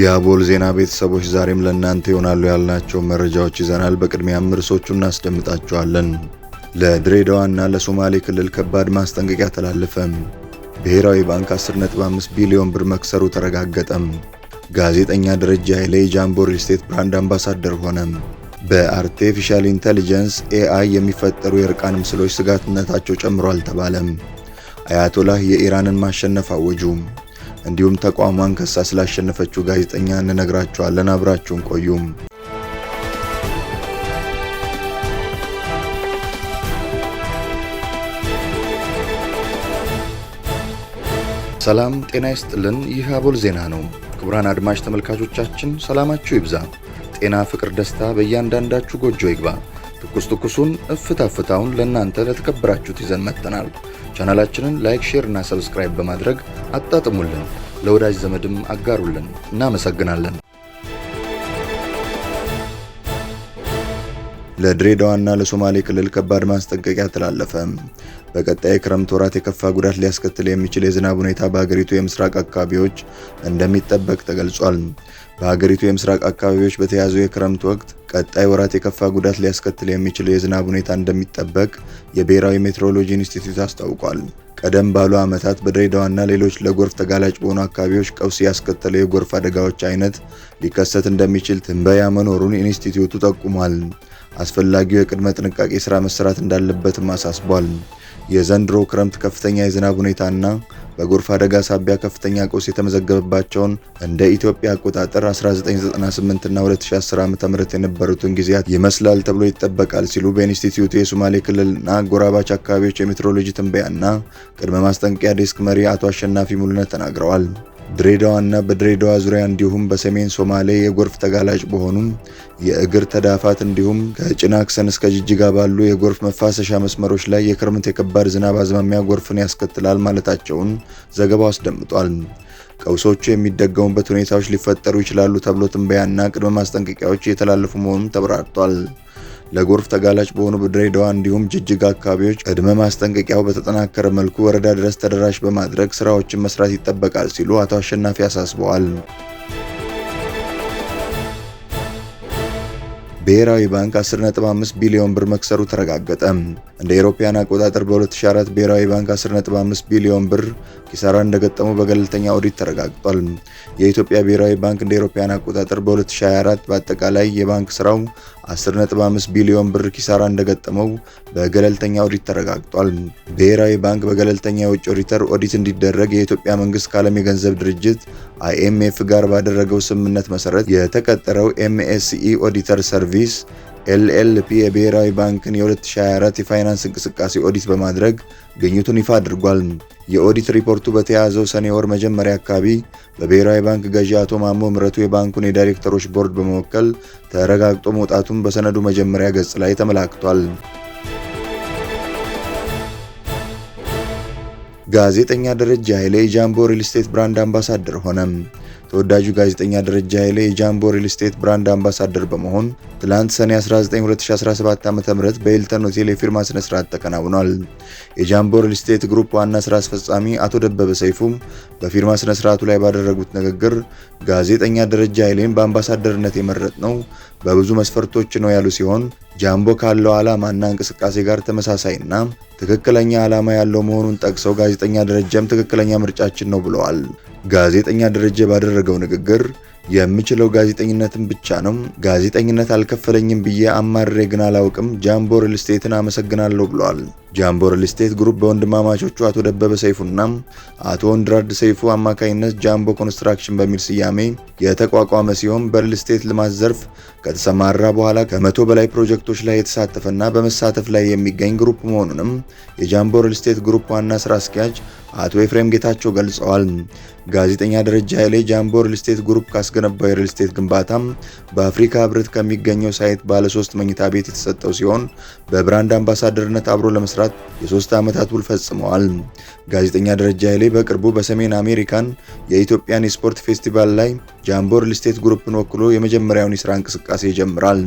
የአቦል ዜና ቤተሰቦች ዛሬም ለእናንተ ይሆናሉ ያልናቸው መረጃዎች ይዘናል። በቅድሚያም ርዕሶቹ እናስደምጣቸዋለን። ለድሬዳዋና ለሶማሌ ክልል ከባድ ማስጠንቀቂያ ተላለፈም። ብሔራዊ ባንክ 10.5 ቢሊዮን ብር መክሰሩ ተረጋገጠም። ጋዜጠኛ ደረጀ ኃይሌ የጃምቦ ሪል ስቴት ብራንድ አምባሳደር ሆነም። በአርቴፊሻል ኢንተሊጀንስ ኤአይ የሚፈጠሩ የእርቃን ምስሎች ስጋትነታቸው ጨምሯል ተባለም። አያቶላህ የኢራንን ማሸነፍ አወጁ። እንዲሁም ተቋሟን ከሳ ስላሸነፈችው ጋዜጠኛ እንነግራችኋለን። አብራችሁን ቆዩም። ሰላም ጤና ይስጥልን። ይህ አቦል ዜና ነው። ክቡራን አድማጭ ተመልካቾቻችን ሰላማችሁ ይብዛ፣ ጤና፣ ፍቅር፣ ደስታ በእያንዳንዳችሁ ጎጆ ይግባ። ትኩስ ትኩሱን እፍታ ፍታውን ለእናንተ ለተከበራችሁት ይዘን መጥተናል። ቻናላችንን ላይክ፣ ሼር እና ሰብስክራይብ በማድረግ አጣጥሙልን፣ ለወዳጅ ዘመድም አጋሩልን። እናመሰግናለን። ለድሬዳዋና ለሶማሌ ክልል ከባድ ማስጠንቀቂያ ተላለፈ። በቀጣይ ክረምት ወራት የከፋ ጉዳት ሊያስከትል የሚችል የዝናብ ሁኔታ በሀገሪቱ የምስራቅ አካባቢዎች እንደሚጠበቅ ተገልጿል። በሀገሪቱ የምስራቅ አካባቢዎች በተያዙ የክረምት ወቅት ቀጣይ ወራት የከፋ ጉዳት ሊያስከትል የሚችል የዝናብ ሁኔታ እንደሚጠበቅ የብሔራዊ ሜትሮሎጂ ኢንስቲትዩት አስታውቋል። ቀደም ባሉ ዓመታት በድሬዳዋና ሌሎች ለጎርፍ ተጋላጭ በሆኑ አካባቢዎች ቀውስ ያስከተለው የጎርፍ አደጋዎች አይነት ሊከሰት እንደሚችል ትንበያ መኖሩን ኢንስቲትዩቱ ጠቁሟል። አስፈላጊው የቅድመ ጥንቃቄ ስራ መሰራት እንዳለበትም አሳስቧል። የዘንድሮ ክረምት ከፍተኛ የዝናብ ሁኔታና በጎርፍ አደጋ ሳቢያ ከፍተኛ ቀውስ የተመዘገበባቸውን እንደ ኢትዮጵያ አቆጣጠር 1998ና 2010 ዓ.ም የነበሩትን ጊዜያት ይመስላል ተብሎ ይጠበቃል ሲሉ በኢንስቲትዩቱ የሶማሌ ክልልና ጎራባች አካባቢዎች የሜትሮሎጂ ትንበያና ቅድመ ማስጠንቀቂያ ዴስክ መሪ አቶ አሸናፊ ሙሉነት ተናግረዋል። ድሬዳዋና በድሬዳዋ ዙሪያ እንዲሁም በሰሜን ሶማሌ የጎርፍ ተጋላጭ በሆኑም የእግር ተዳፋት እንዲሁም ከጭናክሰን እስከ ጅጅጋ ባሉ የጎርፍ መፋሰሻ መስመሮች ላይ የክረምት የከባድ ዝናብ አዝማሚያ ጎርፍን ያስከትላል ማለታቸውን ዘገባው አስደምጧል። ቀውሶቹ የሚደገሙበት ሁኔታዎች ሊፈጠሩ ይችላሉ ተብሎ ትንበያና ቅድመ ማስጠንቀቂያዎች የተላለፉ መሆኑም ተብራርቷል። ለጎርፍ ተጋላጭ በሆኑ በድሬዳዋ እንዲሁም ጅጅጋ አካባቢዎች ቅድመ ማስጠንቀቂያው በተጠናከረ መልኩ ወረዳ ድረስ ተደራሽ በማድረግ ስራዎችን መስራት ይጠበቃል ሲሉ አቶ አሸናፊ አሳስበዋል። ብሔራዊ ባንክ 10.5 ቢሊዮን ብር መክሰሩ ተረጋገጠ። እንደ አውሮፓውያን አቆጣጠር በ2004 ብሔራዊ ባንክ 10.5 ቢሊዮን ብር ኪሳራ እንደገጠሙ በገለልተኛ ኦዲት ተረጋግጧል። የኢትዮጵያ ብሔራዊ ባንክ እንደ አውሮፓውያን አቆጣጠር በ2024 በአጠቃላይ የባንክ ስራው 10.5 ቢሊዮን ብር ኪሳራ እንደገጠመው በገለልተኛ ኦዲት ተረጋግጧል። ብሔራዊ ባንክ በገለልተኛ የውጭ ኦዲተር ኦዲት እንዲደረግ የኢትዮጵያ መንግስት ከዓለም የገንዘብ ድርጅት አይኤምኤፍ ጋር ባደረገው ስምምነት መሰረት የተቀጠረው ኤምኤስኢ ኦዲተር ሰርቪስ ኤልኤልፒ የብሔራዊ ባንክን የ2024 የፋይናንስ እንቅስቃሴ ኦዲት በማድረግ ግኝቱን ይፋ አድርጓል። የኦዲት ሪፖርቱ በተያያዘው ሰኔ ወር መጀመሪያ አካባቢ በብሔራዊ ባንክ ገዢ አቶ ማሞ ምረቱ የባንኩን የዳይሬክተሮች ቦርድ በመወከል ተረጋግጦ መውጣቱን በሰነዱ መጀመሪያ ገጽ ላይ ተመላክቷል። ጋዜጠኛ ደረጀ ኃይሌ የጃምቦ ሪል ስቴት ብራንድ አምባሳደር ሆነ። ተወዳጁ ጋዜጠኛ ደረጀ ኃይሌ የጃምቦ ሪል ስቴት ብራንድ አምባሳደር በመሆን ትላንት ሰኔ 19 2017 ዓ.ም በሂልተን ሆቴል የፊርማ ስነ ስርዓት ተከናውኗል። የጃምቦ ሪል ስቴት ግሩፕ ዋና ስራ አስፈጻሚ አቶ ደበበ ሰይፉ በፊርማ ስነ ስርዓቱ ላይ ባደረጉት ንግግር ጋዜጠኛ ደረጀ ኃይሌን በአምባሳደርነት የመረጥ ነው በብዙ መስፈርቶች ነው ያሉ ሲሆን ጃምቦ ካለው ዓላማና እንቅስቃሴ ጋር ተመሳሳይና ትክክለኛ ዓላማ ያለው መሆኑን ጠቅሰው ጋዜጠኛ ደረጀም ትክክለኛ ምርጫችን ነው ብለዋል። ጋዜጠኛ ደረጀ ባደረገው ንግግር የምችለው ጋዜጠኝነትን ብቻ ነው። ጋዜጠኝነት አልከፈለኝም ብዬ አማሬ ግን አላውቅም። ጃምቦ ሪል ስቴትን አመሰግናለሁ ብለዋል። ጃምቦ ሪል ስቴት ግሩፕ በወንድማማቾቹ አቶ ደበበ ሰይፉና አቶ ወንድራድ ሰይፉ አማካኝነት ጃምቦ ኮንስትራክሽን በሚል ስያሜ የተቋቋመ ሲሆን በሪል ስቴት ልማት ዘርፍ ከተሰማራ በኋላ ከመቶ በላይ ፕሮጀክቶች ላይ የተሳተፈና በመሳተፍ ላይ የሚገኝ ግሩፕ መሆኑንም የጃምቦ ሪል ስቴት ግሩፕ ዋና ስራ አስኪያጅ አቶ ኤፍሬም ጌታቸው ገልጸዋል። ጋዜጠኛ ደረጃ ኃይሌ ጃምቦ ሪል ስቴት ግሩፕ ካስገ የተገነባው የሪል ስቴት ግንባታም በአፍሪካ ህብረት ከሚገኘው ሳይት ባለ ሶስት መኝታ ቤት የተሰጠው ሲሆን በብራንድ አምባሳደርነት አብሮ ለመስራት የሶስት ዓመታት ውል ፈጽመዋል። ጋዜጠኛ ደረጃ ኃይሌ በቅርቡ በሰሜን አሜሪካን የኢትዮጵያን የስፖርት ፌስቲቫል ላይ ጃምቦ ሪል ስቴት ግሩፕን ወክሎ የመጀመሪያውን የስራ እንቅስቃሴ ይጀምራል።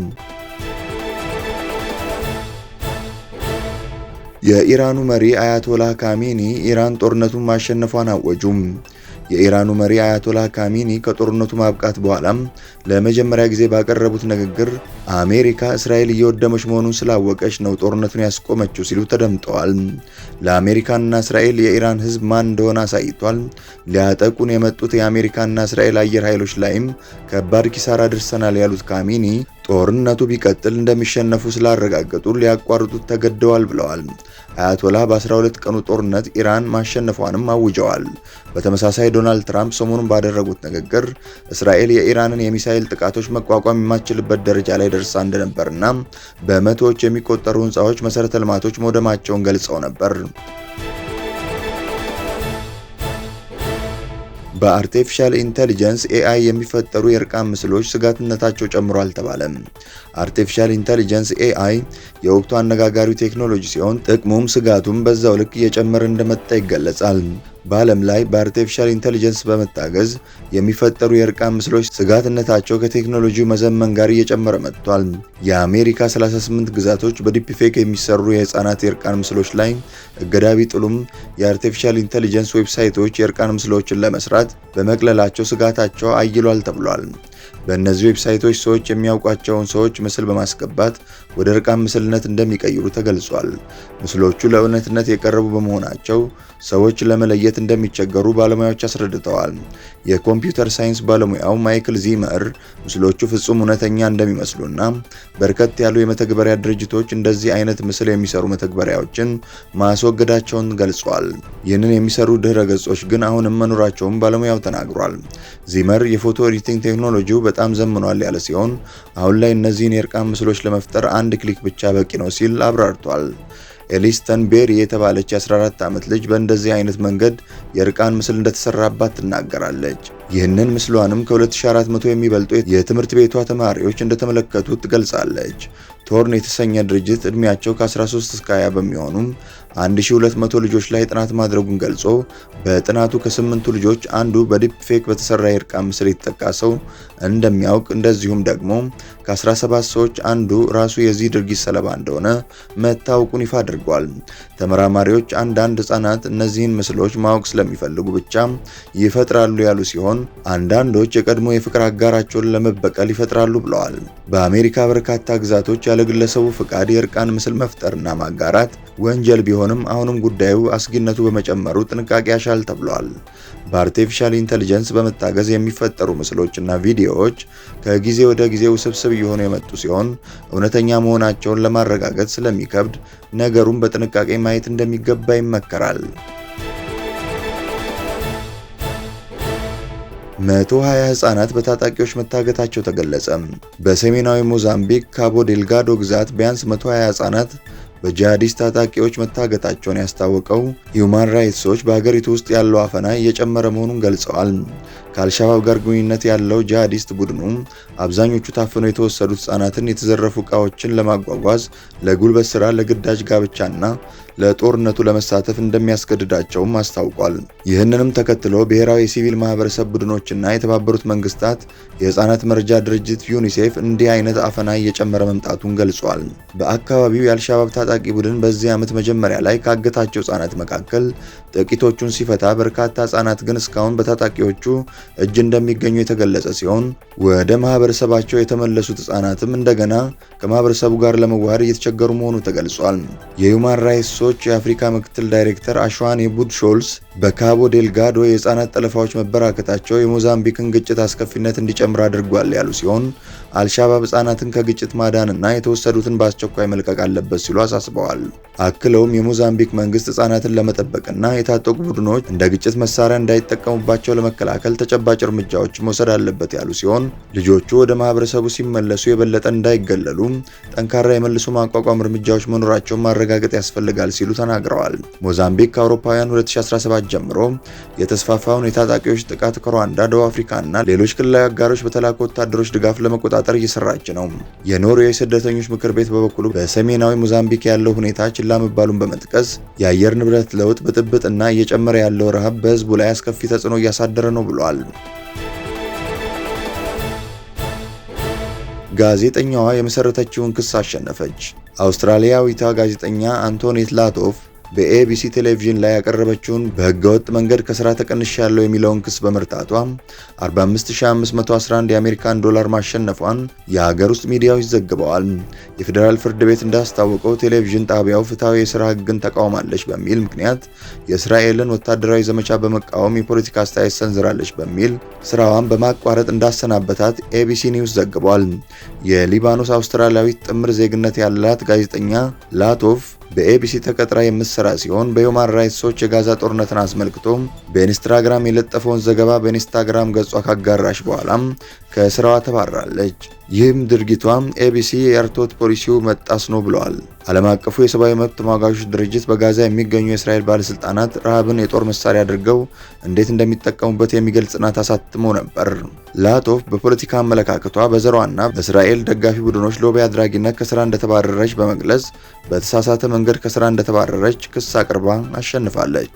የኢራኑ መሪ አያቶላህ ካሜኒ ኢራን ጦርነቱን ማሸነፏን አወጁም። የኢራኑ መሪ አያቶላ ካሚኒ ከጦርነቱ ማብቃት በኋላም ለመጀመሪያ ጊዜ ባቀረቡት ንግግር አሜሪካ እስራኤል እየወደመች መሆኑን ስላወቀች ነው ጦርነቱን ያስቆመችው ሲሉ ተደምጠዋል። ለአሜሪካና እስራኤል የኢራን ሕዝብ ማን እንደሆነ አሳይቷል። ሊያጠቁን የመጡት የአሜሪካና እስራኤል አየር ኃይሎች ላይም ከባድ ኪሳራ ደርሰናል ያሉት ካሚኒ ጦርነቱ ቢቀጥል እንደሚሸነፉ ስላረጋገጡ ሊያቋርጡት ተገደዋል ብለዋል። አያቶላህ በ12 ቀኑ ጦርነት ኢራን ማሸነፏንም አውጀዋል። በተመሳሳይ ዶናልድ ትራምፕ ሰሞኑን ባደረጉት ንግግር እስራኤል የኢራንን የሚሳኤል ጥቃቶች መቋቋም የማትችልበት ደረጃ ላይ ደርሳ እንደነበርና በመቶዎች የሚቆጠሩ ህንፃዎች መሠረተ ልማቶች መውደማቸውን ገልጸው ነበር። በአርቲፊሻል ኢንተሊጀንስ ኤአይ የሚፈጠሩ የእርቃን ምስሎች ስጋትነታቸው ጨምሮ አልተባለም። አርቲፊሻል ኢንተሊጀንስ ኤአይ የወቅቱ አነጋጋሪው ቴክኖሎጂ ሲሆን ጥቅሙም ስጋቱም በዛው ልክ እየጨመረ እንደመጣ ይገለጻል። በዓለም ላይ በአርቲፊሻል ኢንቴሊጀንስ በመታገዝ የሚፈጠሩ የእርቃን ምስሎች ስጋትነታቸው ከቴክኖሎጂው መዘመን ጋር እየጨመረ መጥቷል። የአሜሪካ 38 ግዛቶች በዲፒፌክ የሚሰሩ የህፃናት የእርቃን ምስሎች ላይ እገዳ ቢጥሉም የአርቲፊሻል ኢንቴሊጀንስ ዌብሳይቶች የእርቃን ምስሎችን ለመስራት በመቅለላቸው ስጋታቸው አይሏል ተብሏል። በእነዚህ ዌብሳይቶች ሰዎች የሚያውቋቸውን ሰዎች ምስል በማስገባት ወደ እርቃን ምስልነት እንደሚቀይሩ ተገልጿል። ምስሎቹ ለእውነትነት የቀረቡ በመሆናቸው ሰዎች ለመለየት እንደሚቸገሩ ባለሙያዎች አስረድተዋል። የኮምፒውተር ሳይንስ ባለሙያው ማይክል ዚመር ምስሎቹ ፍጹም እውነተኛ እንደሚመስሉና በርከት ያሉ የመተግበሪያ ድርጅቶች እንደዚህ አይነት ምስል የሚሰሩ መተግበሪያዎችን ማስወገዳቸውን ገልጿል። ይህንን የሚሰሩ ድህረ ገጾች ግን አሁንም መኖራቸውን ባለሙያው ተናግሯል። ዚመር የፎቶ ኤዲቲንግ ቴክኖሎጂው በጣም ዘምኗል ያለ ሲሆን አሁን ላይ እነዚህን የእርቃን ምስሎች ለመፍጠር አንድ ክሊክ ብቻ በቂ ነው ሲል አብራርቷል። ኤሊስተን ቤሪ የተባለች የ14 ዓመት ልጅ በእንደዚህ አይነት መንገድ የእርቃን ምስል እንደተሰራባት ትናገራለች። ይህንን ምስሏንም ከ2400 የሚበልጡ የትምህርት ቤቷ ተማሪዎች እንደተመለከቱት ትገልጻለች። ቶርን የተሰኘ ድርጅት ዕድሜያቸው ከ13 እስከ 20 በሚሆኑም 1200 ልጆች ላይ ጥናት ማድረጉን ገልጾ በጥናቱ ከስምንቱ ልጆች አንዱ በዲፕ ፌክ በተሰራ የእርቃ ምስል የተጠቃሰው እንደሚያውቅ እንደዚሁም ደግሞ ከ17 ሰዎች አንዱ ራሱ የዚህ ድርጊት ሰለባ እንደሆነ መታወቁን ይፋ አድርጓል። ተመራማሪዎች አንዳንድ ህጻናት እነዚህን ምስሎች ማወቅ ስለሚፈልጉ ብቻ ይፈጥራሉ ያሉ ሲሆን አንዳንዶች የቀድሞ የፍቅር አጋራቸውን ለመበቀል ይፈጥራሉ ብለዋል። በአሜሪካ በርካታ ግዛቶች ያለግለሰቡ ፍቃድ የእርቃን ምስል መፍጠርና ማጋራት ወንጀል ቢሆን ቢሆንም አሁንም ጉዳዩ አስጊነቱ በመጨመሩ ጥንቃቄ ያሻል ተብሏል። በአርቲፊሻል ኢንተሊጀንስ በመታገዝ የሚፈጠሩ ምስሎችና ቪዲዮዎች ከጊዜ ወደ ጊዜ ውስብስብ እየሆኑ የመጡ ሲሆን እውነተኛ መሆናቸውን ለማረጋገጥ ስለሚከብድ ነገሩን በጥንቃቄ ማየት እንደሚገባ ይመከራል። 120 ህጻናት በታጣቂዎች መታገታቸው ተገለጸ። በሰሜናዊ ሞዛምቢክ ካቦ ዴልጋዶ ግዛት ቢያንስ 120 ህጻናት በጂሃዲስት ታጣቂዎች መታገታቸውን ያስታወቀው ሂዩማን ራይትስ ዎች በሀገሪቱ ውስጥ ያለው አፈና እየጨመረ መሆኑን ገልጸዋል። ከአልሸባብ ጋር ግንኙነት ያለው ጂሃዲስት ቡድኑ አብዛኞቹ ታፍነው የተወሰዱት ህጻናትን፣ የተዘረፉ ዕቃዎችን ለማጓጓዝ፣ ለጉልበት ስራ፣ ለግዳጅ ጋብቻና ለጦርነቱ ለመሳተፍ እንደሚያስገድዳቸውም አስታውቋል። ይህንንም ተከትሎ ብሔራዊ የሲቪል ማህበረሰብ ቡድኖችና የተባበሩት መንግስታት የህፃናት መርጃ ድርጅት ዩኒሴፍ እንዲህ አይነት አፈና እየጨመረ መምጣቱን ገልጿል። በአካባቢው የአልሻባብ ታጣቂ ቡድን በዚህ ዓመት መጀመሪያ ላይ ካገታቸው ህጻናት መካከል ጥቂቶቹን ሲፈታ፣ በርካታ ህጻናት ግን እስካሁን በታጣቂዎቹ እጅ እንደሚገኙ የተገለጸ ሲሆን ወደ ማህበረ ማህበረሰባቸው የተመለሱት ህጻናትም እንደገና ከማህበረሰቡ ጋር ለመዋሃድ እየተቸገሩ መሆኑ ተገልጿል። የሁማን ራይትስ ዎች የአፍሪካ ምክትል ዳይሬክተር አሽዋኔ ቡድ ሾልስ በካቦ ዴልጋዶ የህፃናት ጠለፋዎች መበራከታቸው የሞዛምቢክን ግጭት አስከፊነት እንዲጨምር አድርጓል ያሉ ሲሆን አልሻባብ ህፃናትን ከግጭት ማዳንና የተወሰዱትን በአስቸኳይ መልቀቅ አለበት ሲሉ አሳስበዋል። አክለውም የሞዛምቢክ መንግስት ህፃናትን ለመጠበቅና የታጠቁ ቡድኖች እንደ ግጭት መሳሪያ እንዳይጠቀሙባቸው ለመከላከል ተጨባጭ እርምጃዎች መውሰድ አለበት ያሉ ሲሆን ልጆቹ ወደ ማህበረሰቡ ሲመለሱ የበለጠ እንዳይገለሉ ጠንካራ የመልሶ ማቋቋም እርምጃዎች መኖራቸውን ማረጋገጥ ያስፈልጋል ሲሉ ተናግረዋል። ሞዛምቢክ ከአውሮፓውያን 2017 ሰዓት ጀምሮ የተስፋፋውን የታጣቂዎች ጥቃት ከሩዋንዳ፣ ደቡብ አፍሪካና ሌሎች ክልላዊ አጋሮች በተላኩ ወታደሮች ድጋፍ ለመቆጣጠር እየሰራች ነው። የኖርዌይ ስደተኞች ምክር ቤት በበኩሉ በሰሜናዊ ሞዛምቢክ ያለው ሁኔታ ችላ መባሉን በመጥቀስ የአየር ንብረት ለውጥ ብጥብጥና እየጨመረ ያለው ረሃብ በህዝቡ ላይ አስከፊ ተጽዕኖ እያሳደረ ነው ብሏል። ጋዜጠኛዋ የመሰረተችውን ክስ አሸነፈች። አውስትራሊያዊቷ ጋዜጠኛ አንቶኔት ላቶፍ በኤቢሲ ቴሌቪዥን ላይ ያቀረበችውን በህገወጥ መንገድ ከስራ ተቀንሻለሁ የሚለውን ክስ በመርጣቷ 45511 የአሜሪካን ዶላር ማሸነፏን የሀገር ውስጥ ሚዲያዎች ዘግበዋል። የፌዴራል ፍርድ ቤት እንዳስታወቀው ቴሌቪዥን ጣቢያው ፍትሐዊ የስራ ህግን ተቃውማለች በሚል ምክንያት የእስራኤልን ወታደራዊ ዘመቻ በመቃወም የፖለቲካ አስተያየት ሰንዝራለች በሚል ስራዋን በማቋረጥ እንዳሰናበታት ኤቢሲ ኒውስ ዘግቧል። የሊባኖስ አውስትራሊያዊት ጥምር ዜግነት ያላት ጋዜጠኛ ላቶፍ በኤቢሲ ተቀጥራ የምትሰራ ሲሆን በሂውማን ራይትስ ዎች የጋዛ ጦርነትን አስመልክቶ በኢንስታግራም የለጠፈውን ዘገባ በኢንስታግራም ገጿ ካጋራሽ በኋላም ከስራዋ ተባራለች። ይህም ድርጊቷም ኤቢሲ የአርትዖት ፖሊሲው መጣስ ነው ብለዋል። ዓለም አቀፉ የሰብአዊ መብት ተሟጋቾች ድርጅት በጋዛ የሚገኙ የእስራኤል ባለስልጣናት ረሃብን የጦር መሳሪያ አድርገው እንዴት እንደሚጠቀሙበት የሚገልጽ ጥናት አሳትሞ ነበር። ላቶፍ በፖለቲካ አመለካከቷ በዘሯና በእስራኤል ደጋፊ ቡድኖች ሎቢ አድራጊነት ከስራ እንደተባረረች በመግለጽ በተሳሳተ መንገድ ከስራ እንደተባረረች ክስ አቅርባ አሸንፋለች።